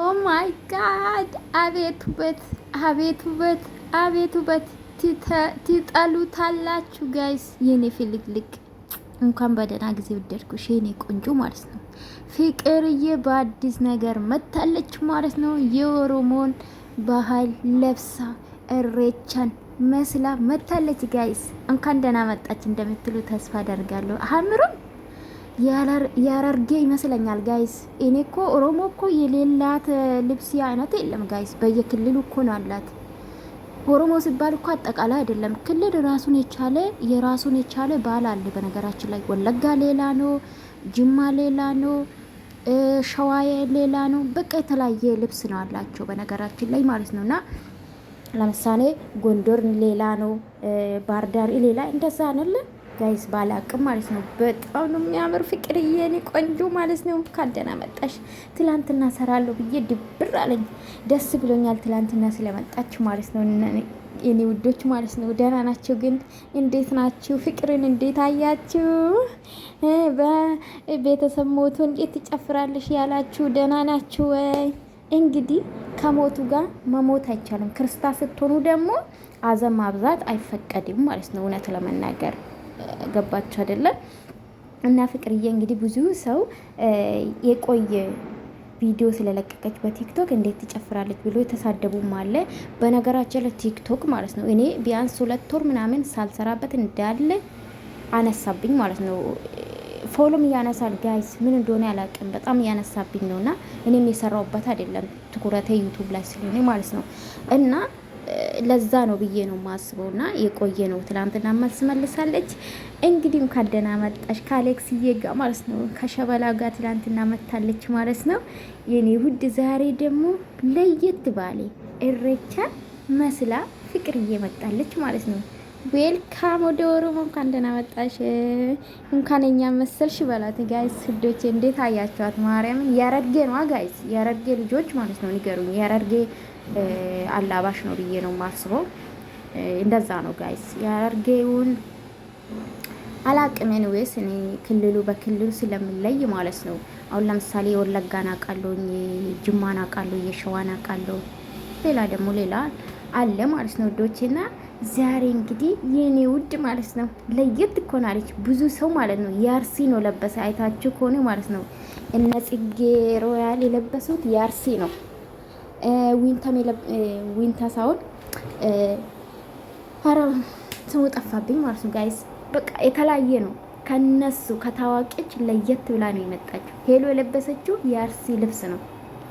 ኦ ማይ ጋድ! አቤት ውበት! አቤት ውበት! አቤት ውበት! ትጠሉታላችሁ ጋይስ። የኔ ፍልቅልቅ እንኳን በደህና ጊዜ ወደድኩሽ የኔ ቆንጆ ማለት ነው። ፍቅርዬ በአዲስ ነገር መታለች ማለት ነው። የኦሮሞን ባህል ለብሳ እሬቻን መስላ መታለች ጋይስ። እንኳን ደህና መጣች እንደምትሉ ተስፋ አደርጋለሁ። አምሩም ያረርጌ ይመስለኛል ጋይስ። እኔ እኮ ኦሮሞ እኮ የሌላት ልብስ አይነት የለም ጋይስ። በየክልሉ እኮ ነው አላት። ኦሮሞ ሲባል እኮ አጠቃላይ አይደለም። ክልል ራሱን የቻለ የራሱን የቻለ ባህል አለ። በነገራችን ላይ ወለጋ ሌላ ነው፣ ጅማ ሌላ ነው፣ ሸዋ ሌላ ነው። በቃ የተለያየ ልብስ ነው አላቸው በነገራችን ላይ ማለት ነው እና ለምሳሌ ጎንደር ሌላ ነው፣ ባህርዳር ሌላ እንደዛ አይደለም። ጋይስ ባላቅም ማለት ነው። በጣም ነው የሚያምር ፍቅርዬ፣ የኔ ቆንጆ ማለት ነው። እንኳን ደህና መጣሽ። ትላንትና ሰራለሁ ብዬ ድብር አለኝ። ደስ ብሎኛል ትላንትና ስለመጣችሁ ማለት ነው። የኔ ውዶች ማለት ነው። ደህና ናቸው ግን እንዴት ናችሁ? ፍቅርን እንዴት አያችሁ? በቤተሰብ ሞቱ እንዴት ትጨፍራለሽ ያላችሁ ደህና ናችሁ ወይ? እንግዲህ ከሞቱ ጋር መሞት አይቻልም። ክርስታ ስትሆኑ ደግሞ አዘን ማብዛት አይፈቀድም ማለት ነው እውነት ለመናገር ገባችሁ አይደለም? እና ፍቅርዬ እንግዲህ ብዙ ሰው የቆየ ቪዲዮ ስለለቀቀች በቲክቶክ እንዴት ትጨፍራለች ብሎ የተሳደቡም አለ። በነገራችን ለቲክቶክ ቲክቶክ ማለት ነው እኔ ቢያንስ ሁለት ወር ምናምን ሳልሰራበት እንዳለ አነሳብኝ ማለት ነው። ፎሎም እያነሳል ጋይስ፣ ምን እንደሆነ ያላቅም በጣም እያነሳብኝ ነው። እና እኔም የሰራውበት አይደለም ትኩረቴ ዩቱብ ላይ ስለሆነ ማለት ነው እና ለዛ ነው ብዬ ነው የማስበው። እና የቆየ ነው ትላንትና መልስ መልሳለች። እንግዲህ እንኳን ደህና መጣሽ ከአሌክስዬ ጋር ማለት ነው ከሸበላ ጋር ትላንትና መታለች ማለት ነው የኔ ውድ። ዛሬ ደግሞ ለየት ባሌ እሬቻ መስላ ፍቅር እየመጣለች ማለት ነው። ዌልካም ወደ ኦሮሞ እንኳን ደህና መጣሽ፣ እንኳን እኛ መሰልሽ በላት። ጋይስ ስዶቼ እንዴት አያቸዋት? ማርያምን ያረድጌ ነዋ ጋይስ፣ ያረድጌ ልጆች ማለት ነው። ንገሩኝ፣ ያረድጌ አላባሽ ነው ብዬ ነው ማስበው። እንደዛ ነው ጋይስ። ያረድጌውን አላቅምን ወይስ እኔ ክልሉ በክልሉ ስለምለይ ማለት ነው። አሁን ለምሳሌ የወለጋን አውቃለሁ፣ ጅማን አውቃለሁ፣ የሸዋን አውቃለሁ፣ ሌላ ደግሞ ሌላ አለ ማለት ነው ዶቼና ዛሬ እንግዲህ የኔ ውድ ማለት ነው ለየት ኮናለች ብዙ ሰው ማለት ነው የአርሲ ነው ለበሰ። አይታችሁ ከሆነ ማለት ነው እነ ጽጌ ሮያል የለበሱት የአርሲ ነው። ዊንታ ሳይሆን ኧረ ስሙ ጠፋብኝ ማለት ነው ጋይስ። በቃ የተለያየ ነው ከነሱ ከታዋቂዎች ለየት ብላ ነው የመጣችው። ሄሎ የለበሰችው የአርሲ ልብስ ነው።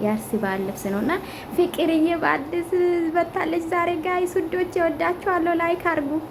ያስባል ልብስ ነው እና ፍቅርዬ በአዲስ በታለች ዛሬ ጋይ ሱዶች ይወዳችኋለሁ። ላይክ አርጉ።